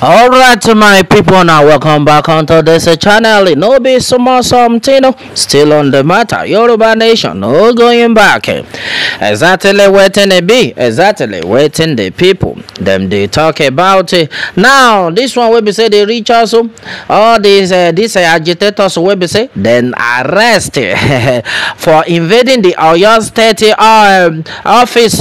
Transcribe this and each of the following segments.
all right my people now welcome back onto this channel no be some more something still on the matter yoruba nation no going back exactly waiting they be exactly waiting the people them they talk about it now this one will be say they reach us oh. all these uh, these uh, agitators will be say then arrest for invading the oyo state um, office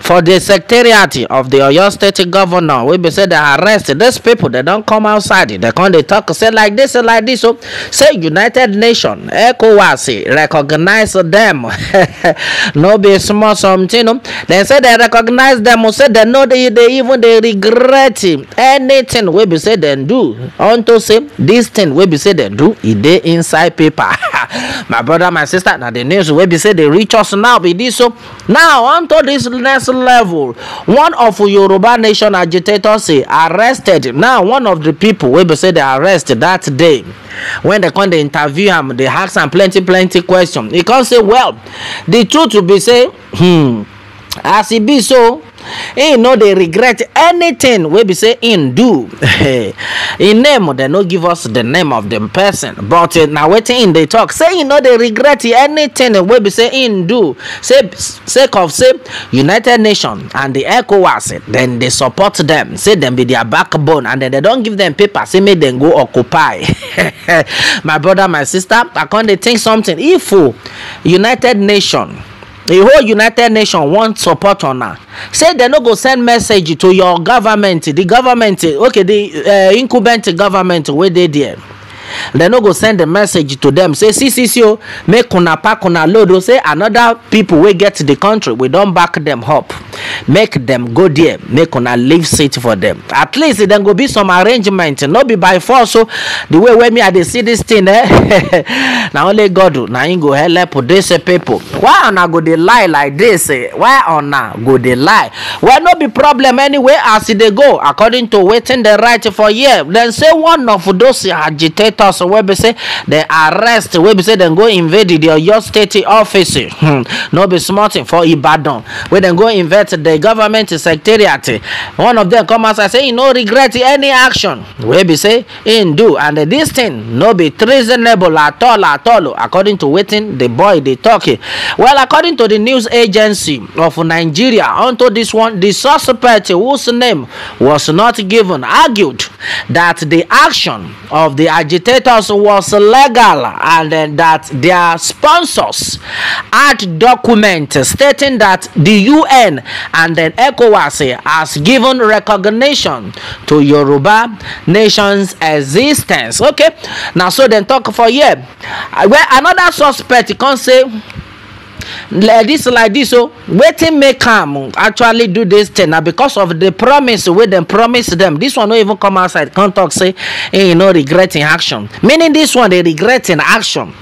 for the secretariat of the oyo state governor will be say they arrest this these people dem don come outside dem come dey talk say like this. Say like this. o say united nations ecowas recognize dem no be small something o dem say dem recognize dem o oh, say dem no dey even dey regret anything wey be say dem do unto say this thing wey be say dem do e dey inside paper my brother my sister na the news wey be say dey reach us now be dis So now onto dis next level one of yoruba nation agitators arrested now one of the pipo wey be say dey arrest dat day wen dem come dey interview am dey ask am plenty plenty questions. e come say well di truth be say hmm as e be so him no dey regret anything wey be say him do him name dem no give us the name of the person but eh, na wetin him dey talk say him no dey regret anything wey be say him do Say, sake of say united nations and di ecowas dem dey support dem say dem be their backbone and dem don give dem paper say make dem go occupy my brother my sister i con dey think something if oh, united nations the whole united nations want support una say dem no go send message to your government the government okay the uh, incumbent government wey dey there dem no go send a message to dem say ccc o oh, make una pack una load o oh. say another pipo wey get di country we don back dem up make dem go there make una leave seat for dem at least dem go be some arrangement no be by force so the way wey me i dey see this thing eh na only god na him go help dis pipo why una go dey lie like this? Eh? why una go dey lie well no be problem anyway as e dey go according to wetin dem write for here dem say one of those agitators wey be say dem arrest wey be say dem go invade the oyo state office hmm, no be small thing for ibadan wey dem go invade regret di government secretariat one of them come I say no regret any action We be say in do and this thing no be treasonable at all at all according to waiting the boy they talking. well according to the news agency of nigeria unto this one this suspect whose name was not given argued that the action of the agitators was legal and that their sponsors had documents stating that the UN and then ECOWAS has given recognition to Yoruba nation's existence okay now so then talk for here Well, another suspect can say like this like this o wetin make am actually do this thing na because of the promise wey dem promise dem This one no even come outside come talk say e no regret im action meaning this one dey regret im action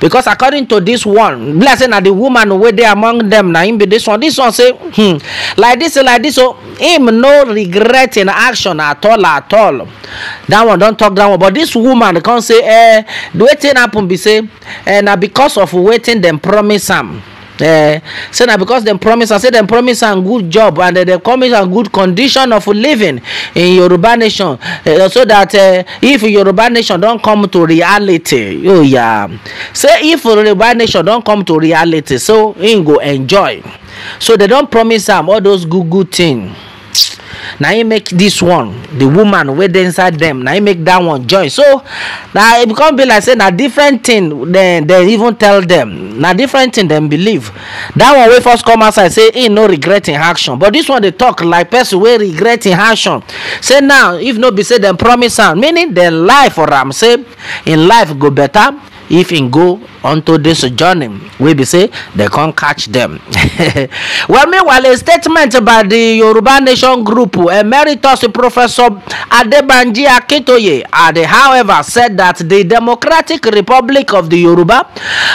because according to this one like say na the woman wey dey among dem na im be this one This one say hmm like this, like this. o im no regret im action at all at all That one don talk That one but this woman come say eh wetin happen be say eh. na because of wetin dem promise am Uh, say na because dem promise am say dem promise am good job and uh, dem promise am good condition of living in yoruba nation uh, so that uh, if yoruba nation don come to reality oh yeah say if yoruba nation don come to reality so im go enjoy so dem don promise am all those good good things na him make this one the woman wey dey inside dem na him make that one join so na e become be like say na different thing dem dem even tell dem na different thing dem believe that one wey first come outside say he no regret him action but this one dey talk like person wey regret him action say now if no be say dem promise am meaning dem lie for am say him life go better if him go unto this journey wey be say dem come catch dem well meanwhile a statement by di yoruba nation group emeritus professor adebanji akintoye ade however said that di democratic republic of di yoruba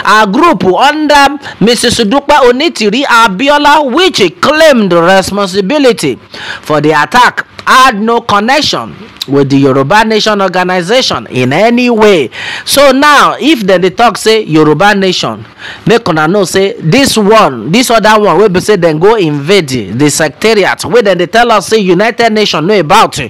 a group under mrs dupe onitiri abiola which claimed responsibility for di attack had no connection with the yoruba nation organization in any way so now if dem dey talk say yoruba nation make una know say this one this other one wey be say then go invade the sectariat. Where dem dey tell us say united nations know about uh,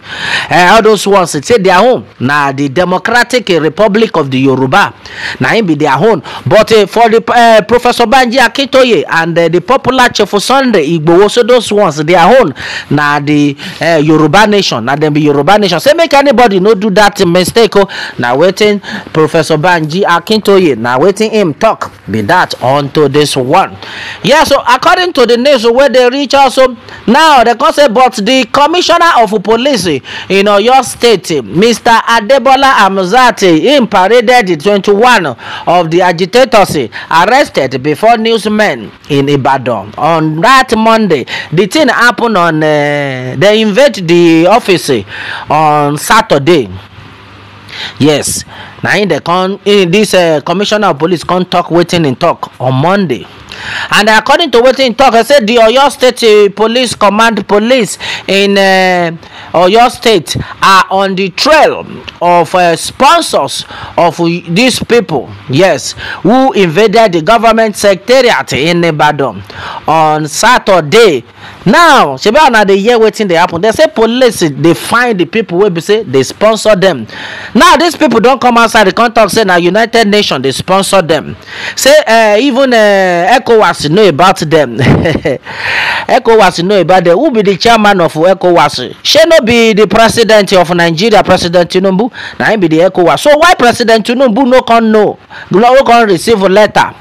all those ones it say their home. Now the democratic republic of the yoruba Now im be their own but uh, for the uh, professor banji akintoye and uh, di popular chief sunday it igbowo also those ones their own Now the uh, yoruba nation Now them be yoruba nation say make anybody no do that mistake Oh, na wetin professor banji akintoye na wetin him talk. be that unto this one Yeah. so according to the news wey dey reach also now dem come say but the commissioner of police in oyo state mr adebola amuzati him paraded di 21 of the agitators arrested before newsmen in ibadan on that monday The thing happun on dem eh, invade the office on on saturday yes na in dey come im dis uh, eh, commissioner of police come talk wetin im talk on monday and according to wetin im talk say di oyo state eh, police command police in uh, oyo state are on di trail of uh, sponsors of dis pipo yes who invaded di government secretariat in ibadan on saturday now shebi una dey hear wetin dey happen dey say police dey find the people wey be say dey sponsor dem now these people don come outside dey come talk say na united nations dey sponsor dem say uh, even uh, ecowas know about dem ecowas know about dem who be the chairman of ecowas She no be the president of nigeria president tinubu na im be di ecowas so why president tinubu no come know no come receive letter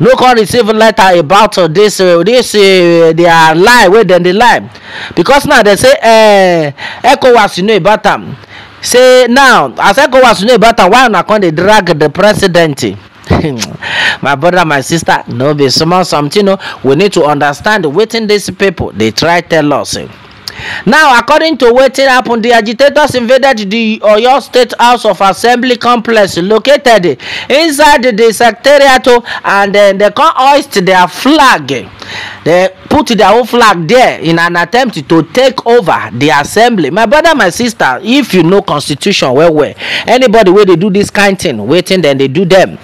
no come receive letter about uh, this uh, this uh, their lie wey dem dey lie because now dem say uh, eh, ecowas you know about am say now as ecowas you know about am why una come dey drag the president. my brother my sister no be small something No, we need to understand wetin these people dey try tell us. Eh? now according to wetin happen di agitators invaded di oyo state house of assembly complex located inside di secretariat and dem come hoist their flag dem put their own flag there in an attempt to take over the assembly my brother my sister if you know constitution well well anybody wey dey do this kind thing wetin dem dey do dem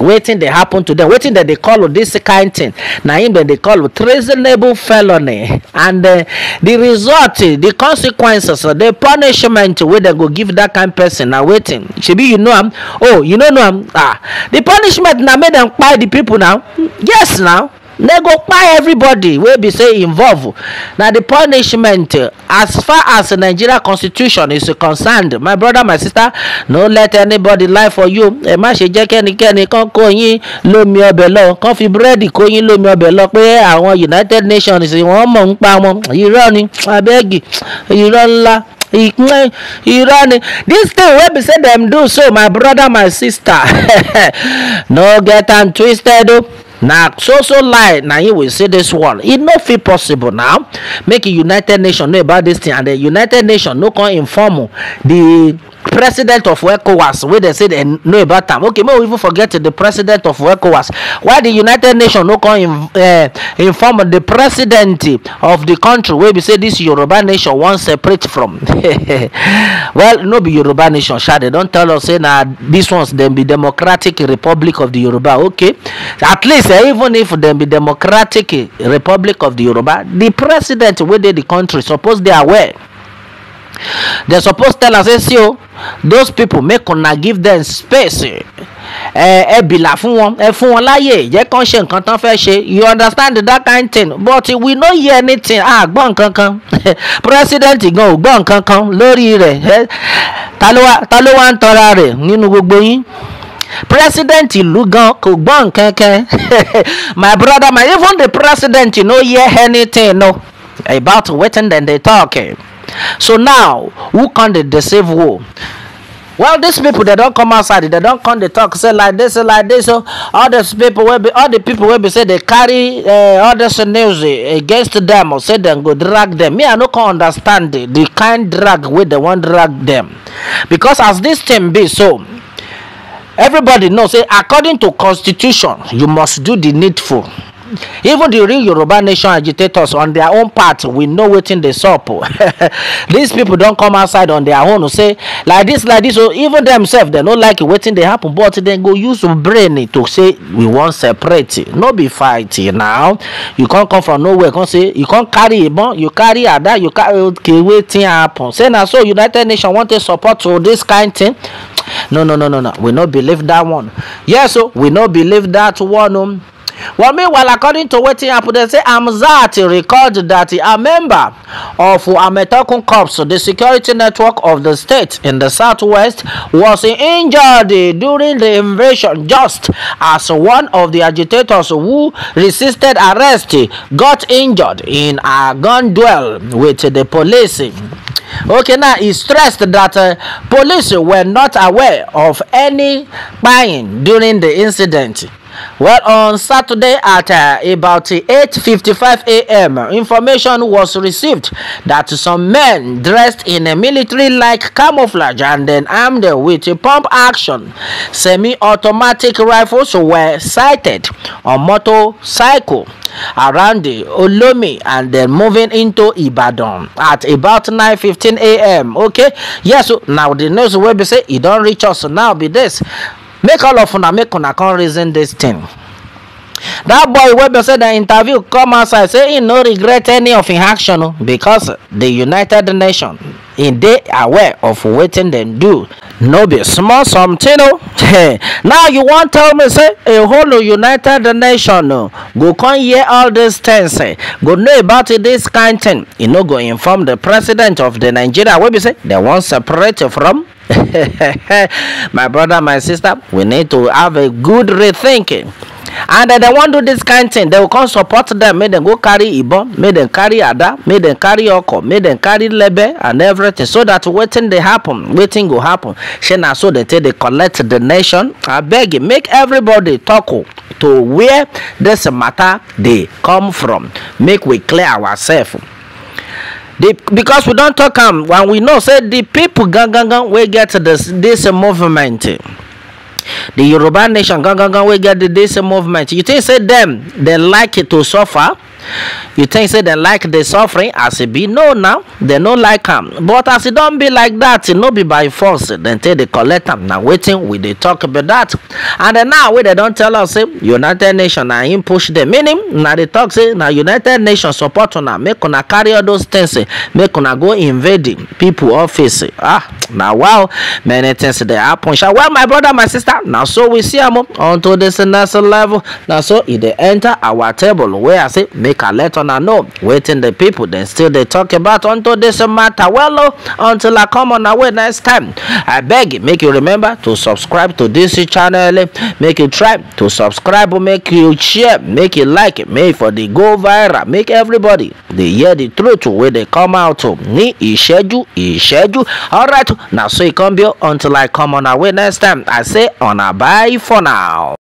wetin dey happen to them. wetin dem dey call this kind thing na im dem dey call treasonable felony and uh, the result the consequences the punishment wey dem go give that kind person na wetin shebi you know am um, oh you no know am um, ah the punishment na make dem kpai the people now yes now dem go kpai everybody wey be say involve na the punishment as far as nigeria constitution is concerned my brother my sister no let anybody lie for you ẹ má ṣe jẹ́ kẹ́nikẹ́ni kan kó yín lómi ọbẹ̀ lọ kan fi búrẹ́dì kó yín lómi ọbẹ̀ lọ pé àwọn united nations wọ́n mọ̀ ń pa wọn irọ́ ni abẹ́gì irọ́ ńlá irọ́ ni this thing wey be say dem do so my brother my sister no get am twisted o. Oh. Now, so so lie Now you will see this world It no feel possible now make united nations know about this thing and the united nations no can inform the president of ecowas wey dem say dem know about am okay make we even forget the president of ecowas why the united nations no come in, uh, inform the president of the country wey be say this yoruba nation wan separate from well no be yoruba nation sha dem don tell us say na this ones dem be democratic republic of the yoruba okay at least uh, even if dem be democratic republic of the yoruba the president wey dey the country suppose dey aware dem suppose tell am say see o oh, those people make una give dem space ẹ eh, ẹ eh, bìlà fún wọn ẹ eh, fún wọn láàyè jẹ́ kàn ṣe nǹkan tán fẹ́ ṣe you understand that kind thing but we no hear anything Ah, gbọ́ nǹkan president gan ò gbọ́ nǹkan kan lórí rẹ̀ ta ló wá ń tọ́ra rẹ̀ nínú gbogbo yín president ìlú gan kò gbọ́ nǹkan my brother my even the president no hear anything no about wetin dem dey talk. Eh so now who come dey deceive who well dis pipo dem don come outside dem don come dey talk say like dis like dis so all dis pipo wey be all di pipo wey be say dey carry uh, all dis news against dem or say dem go drag dem me i no come understand di kind drag wey dem wan drag dem because as dis thing be so everybody know say according to constitution you must do di needful even the real yoruba nation agitators on their own part we know wetin dey sup these people don come outside on their own say like this like this so even themselves dem no like wetin dey happen but dem go use brain to say we wan separate no be fight now you come come from nowhere come say you come carry ibon you carry ada you carry okay wetin happen say na so united nations wan take support to this kind thing no no no no no we no believe that one yes yeah, oh, so we no believe that one. Um, Well, meanwhile, according to wetin happen, they say Amzat recalled that a member of Ametokun Corps, the security network of the state in the southwest, was injured during the invasion just as one of the agitators who resisted arrest got injured in a gun duel with the police. Okay, now he stressed that uh, police were not aware of any buying during the incident. Well, on Saturday at uh, about 8:55 a.m., information was received that some men dressed in a military-like camouflage and then armed with pump-action semi-automatic rifles were sighted on motorcycle around the Olomi and then moving into Ibadan at about 9:15 a.m. Okay, yes. Yeah, so now the news will be say it don't reach us now. Be this make all of una make una come reason this thing That boy wey be say the interview come outside say e no regret any of im action because di united nations e dey aware of wetin dem do no be small something o now you wan tell me say a whole united nation go come hear all dis things eh? go know about this kind thing e no go inform the president of the nigeria wey be say dem wan separate from my brother, my sister, we need to have a good rethinking. And then they wan do this kind thing, they will come support them, make them go carry Ibon, make them carry Ada, make them carry Oko, make them carry Lebe and everything. So that waiting they happen, waiting will happen. Shey na so they take dey collect the nation. I beg you, make everybody talk to where this matter they come from. Make we clear ourselves the because we don't talk am and we know say the people gangan wey get this this movement the yoruba nation gangan wey get this movement you think say dem dey like to suffer. you think say they like the suffering as it be no now they no like him. but as it don't be like that, it no be by force Then take the collect them. now, waiting we they talk about that. and then now they don't tell us say united nations na im push the meaning Now they talk say now united nations support on make a carry all those things eh. make a go invading people office eh. ah now wow many things they happen Shall well my brother my sister Now so we see am to this next level Now so if they enter our table where i say make make a let on know waiting the people then still they talk about until this matter well oh, until i come on away next time i beg you make you remember to subscribe to this channel make you try to subscribe make you share make you like it make for the go viral make everybody they hear the truth where they come out of ni isheju schedule all right now so it come here until i come on away next time i say on a bye for now